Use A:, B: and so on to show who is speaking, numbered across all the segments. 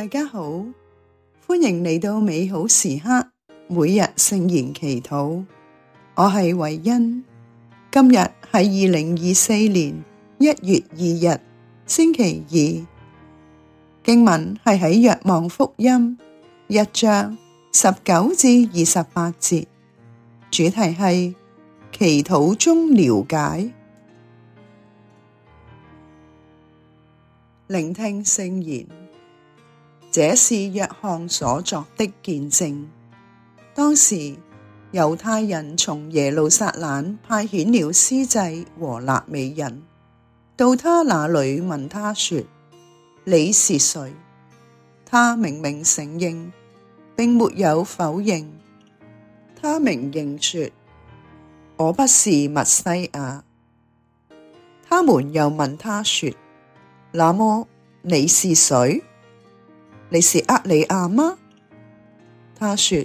A: 大家好，歡迎嚟到美好時刻，每日聖言祈禱。我係維恩，今日係二零二四年一月二日星期二。經文係喺《若望福音》一章十九至二十八節，主題係祈禱中了解。聆聽聖言。這是若翰所作的見證。當時，猶太人從耶路撒冷派遣了司祭和肋未人到他那裏，問他說：你是誰？他明明承認，並沒有否認。他明認說：我不是默西亞。他們又問他說：那麼你是誰？你是厄里亞嗎？他說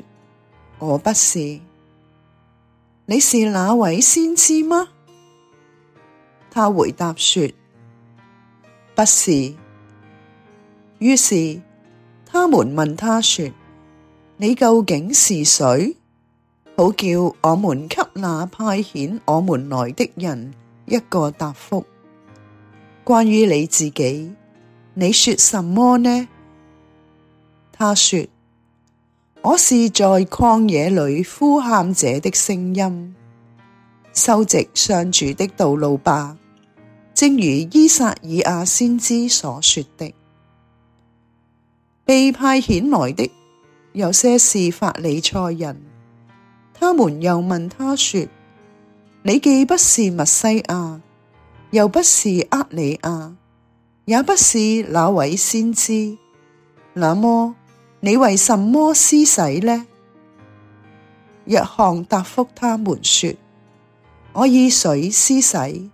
A: 我不是。你是那位先知嗎？他回答說不是。於是他們問他說：你究竟是誰？好叫我們給那派遣我們來的人一個答覆。關於你自己，你說什麼呢？他說：我是在曠野裏呼喊者的聲音，修直上主的道路吧，正如依撒意亞先知所說的。被派遣來的有些是法利賽人，他們又問他說：你既不是默西亞，又不是厄里亞，也不是那位先知，那麼你為什麼施洗呢？若翰答覆他們說：我以水施洗，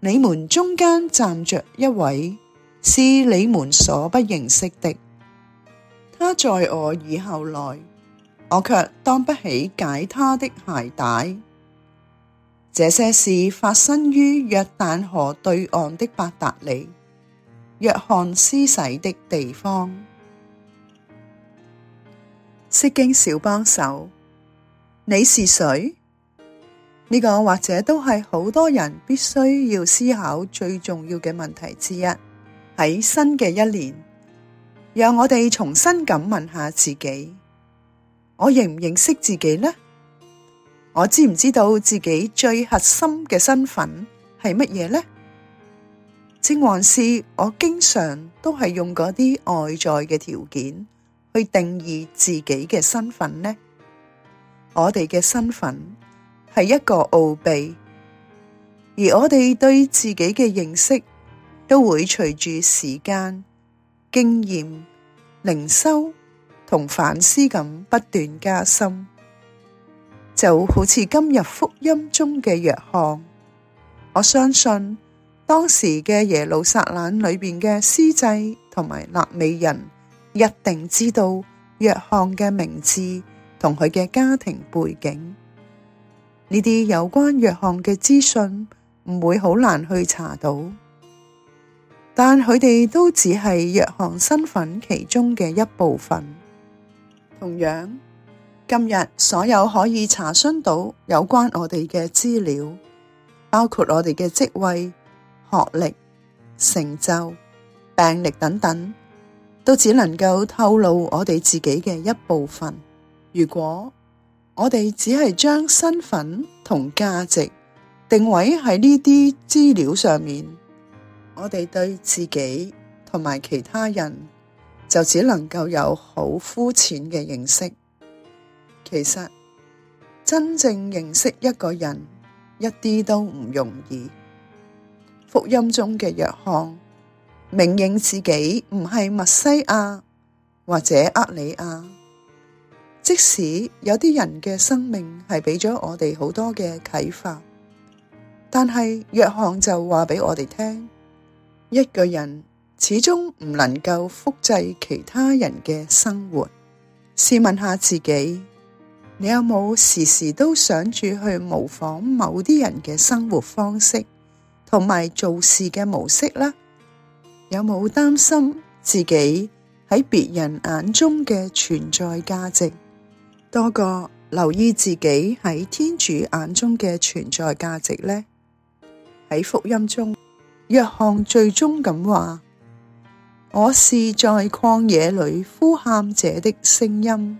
A: 你們中間站着一位，是你們所不認識的，他在我以後來，我卻當不起解他的鞋帶。這些事發生於約但河對岸的伯達尼，若翰施洗的地方。釋經小幫手，你是誰？呢個或者都係好多人必須要思考最重要嘅問題之一。喺新嘅一年，讓我哋重新咁問下自己：我認唔認識自己呢？我知唔知道自己最核心嘅身份係乜嘢呢？正還是我經常都係用嗰啲外在嘅條件？去定義自己嘅身份呢？我哋嘅身份係一個奧秘，而我哋對自己嘅認識都會隨住時間、經驗、靈修同反思咁不斷加深。就好似今日福音中嘅若翰，我相信當時嘅耶路撒冷裏邊嘅司祭同埋肋未人。一定知道若翰嘅名字同佢嘅家庭背景。呢啲有關若翰嘅資訊唔會好難去查到，但佢哋都只係若翰身份其中嘅一部分。同樣，今日所有可以查詢到有關我哋嘅資料，包括我哋嘅職位、學歷、成就、病歷等等。都只能夠透露我哋自己嘅一部分。如果我哋只係將身份同價值定位喺呢啲資料上面，我哋對自己同埋其他人就只能夠有好膚淺嘅認識。其實真正認識一個人，一啲都唔容易。福音中嘅若翰。明認自己唔係默西亞或者厄里亞，即使有啲人嘅生命係畀咗我哋好多嘅啟發，但係約翰就話畀我哋聽，一個人始終唔能夠複製其他人嘅生活。試問下自己，你有冇時時都想住去模仿某啲人嘅生活方式同埋做事嘅模式呢？」有冇擔心自己喺別人眼中嘅存在價值，多過留意自己喺天主眼中嘅存在價值呢？喺福音中，若翰最終咁話：我是在曠野裏呼喊者的聲音，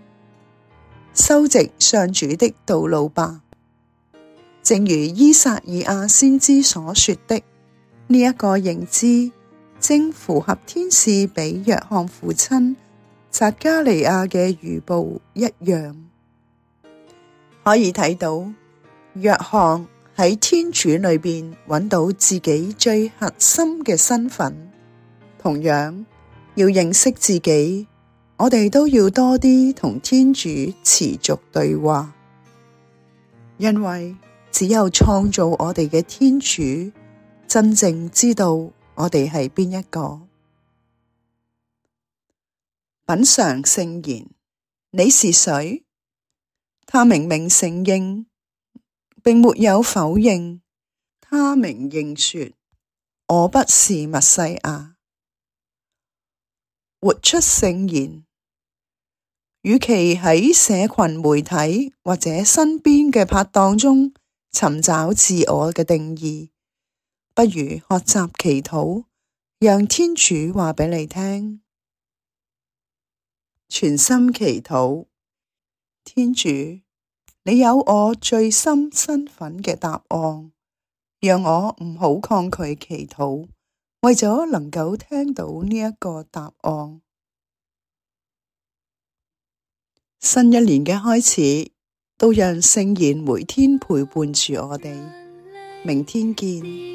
A: 修直上主的道路吧。正如依撒意亞先知所說的呢一、這個認知。正符合天使俾若翰父親匝加利亞嘅預報一樣，可以睇到若翰喺天主裏邊揾到自己最核心嘅身份，同樣要認識自己，我哋都要多啲同天主持續對話，因為只有創造我哋嘅天主真正知道。我哋係邊一個？品嘗聖言，你是誰？他明明承認，並沒有否認。他明認說，我不是默西亞。活出聖言。與其喺社群媒體或者身邊嘅拍檔中尋找自我嘅定義，不如學習祈禱，讓天主話畀你聽。全心祈禱，天主，你有我最深身份嘅答案，讓我唔好抗拒祈禱。為咗能夠聽到呢一個答案，新一年嘅開始都讓聖言每天陪伴住我哋。明天見。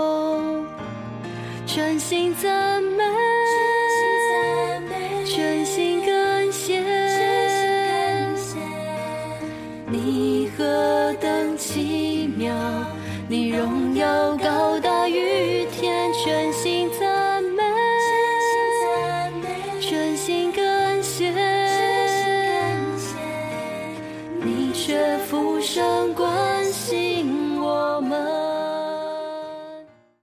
B: 專心。